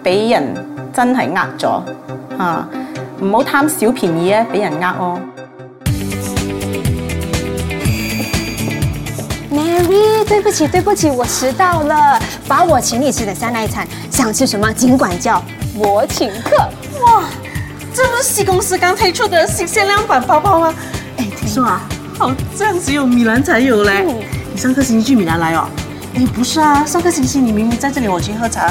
畀人真係呃咗嚇，唔好貪小便宜啊！畀人呃哦。Mary，對不起，對不起，我遲到了。把我請你吃的三奶餐，想吃什麼盡管叫，我請客。哇，這不是西公司剛推出的新限量版包包嗎？誒、哎，聽說、啊嗯、好像只有米蘭才有嘞。嗯、你上個星期去米蘭來哦？誒、哎，不是啊，上個星期你明明在這裏，我請你喝茶。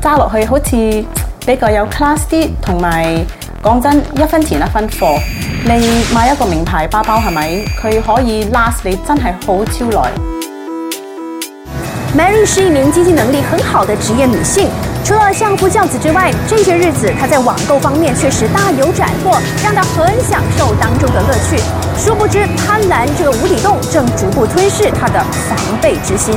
揸落、uh, 去好似比較有 class 啲，同埋講真一分錢一分貨，你買一個名牌包包係咪佢可以 last 你真係好超耐。Mary 是一名經濟能力很好的職業女性，除了相夫教子之外，這些日子她在網購方面確實大有斬獲，讓她很享受當中的樂趣。殊不知，貪婪這個無底洞正逐步吞噬她的防備之心。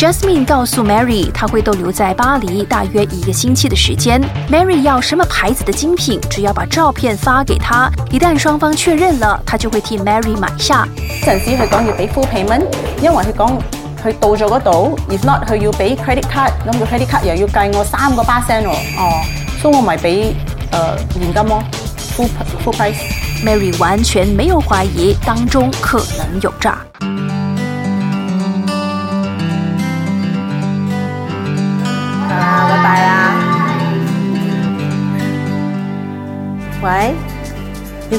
Jasmine 告訴 Mary，她會逗留在巴黎大約一個星期的時間。Mary 要什麼牌子的精品，只要把照片發給她。一旦雙方確認了，她就會替 Mary 買下。呢陣時佢講要俾 full payment，因為佢講佢到咗嗰度，if not 佢要俾 credit card，咁個 credit card 又要計我三個巴仙喎。哦，所以我咪俾誒現金咯，full full price。Mary 完全沒有懷疑當中可能有詐。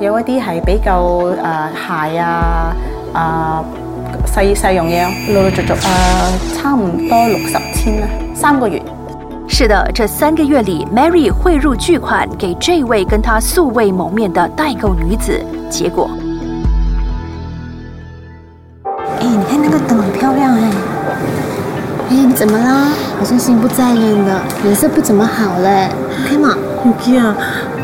有一啲係比較誒鞋、呃、啊，誒、啊、細細樣嘢、哦，陸陸續續、呃、差唔多六十千啦，三個月。是的，這三個月裏，Mary 匯入巨款給這位跟她素未謀面的代購女子，結果。誒、欸，你看那個燈好漂亮誒、欸欸！你怎麼啦？好像心不在焉的，顏色不怎麼好嘞。e 嘛，m a 有啊？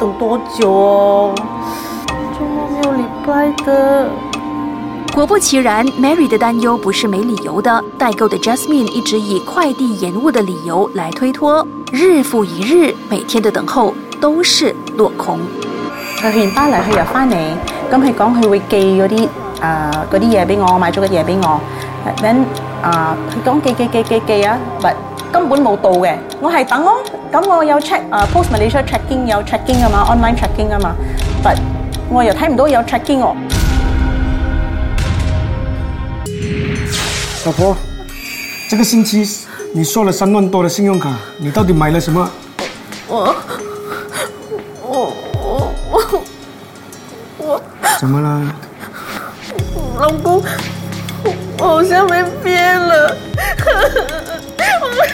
等多久哦？周末沒有禮拜的。果不其然，Mary 的擔憂不是沒理由的。代購的 Jasmine 一直以快遞延誤的理由來推脫，日復一日，每天的等候都是落空。佢完翻嚟，佢 又翻嚟，咁佢講佢會寄嗰啲啲嘢俾我，買咗嘅嘢俾我、呃、啊，佢講寄寄寄寄寄呀根本冇到嘅，我係等咯，咁我有 check 啊、uh，postman 嚟 c h e c check in 有 check in 噶嘛，online check in 噶嘛，但我又睇唔到有 check in 我、哦。老婆，這個星期你收了三萬多的信用卡，你到底買了什麼？我我我我我。我我我我怎麼啦？老公，我好像沒憋了。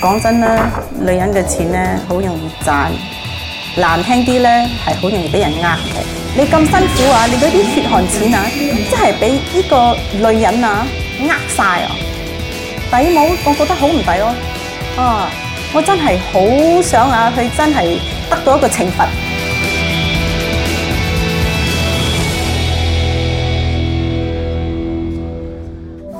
講真啦，女人嘅錢呢，好容易賺，難聽啲呢係好容易俾人呃嘅。你咁辛苦啊，你嗰啲血汗錢啊，真係俾呢個女人啊呃晒啊，抵冇？我覺得好唔抵咯。啊，我真係好想啊，佢真係得到一個懲罰。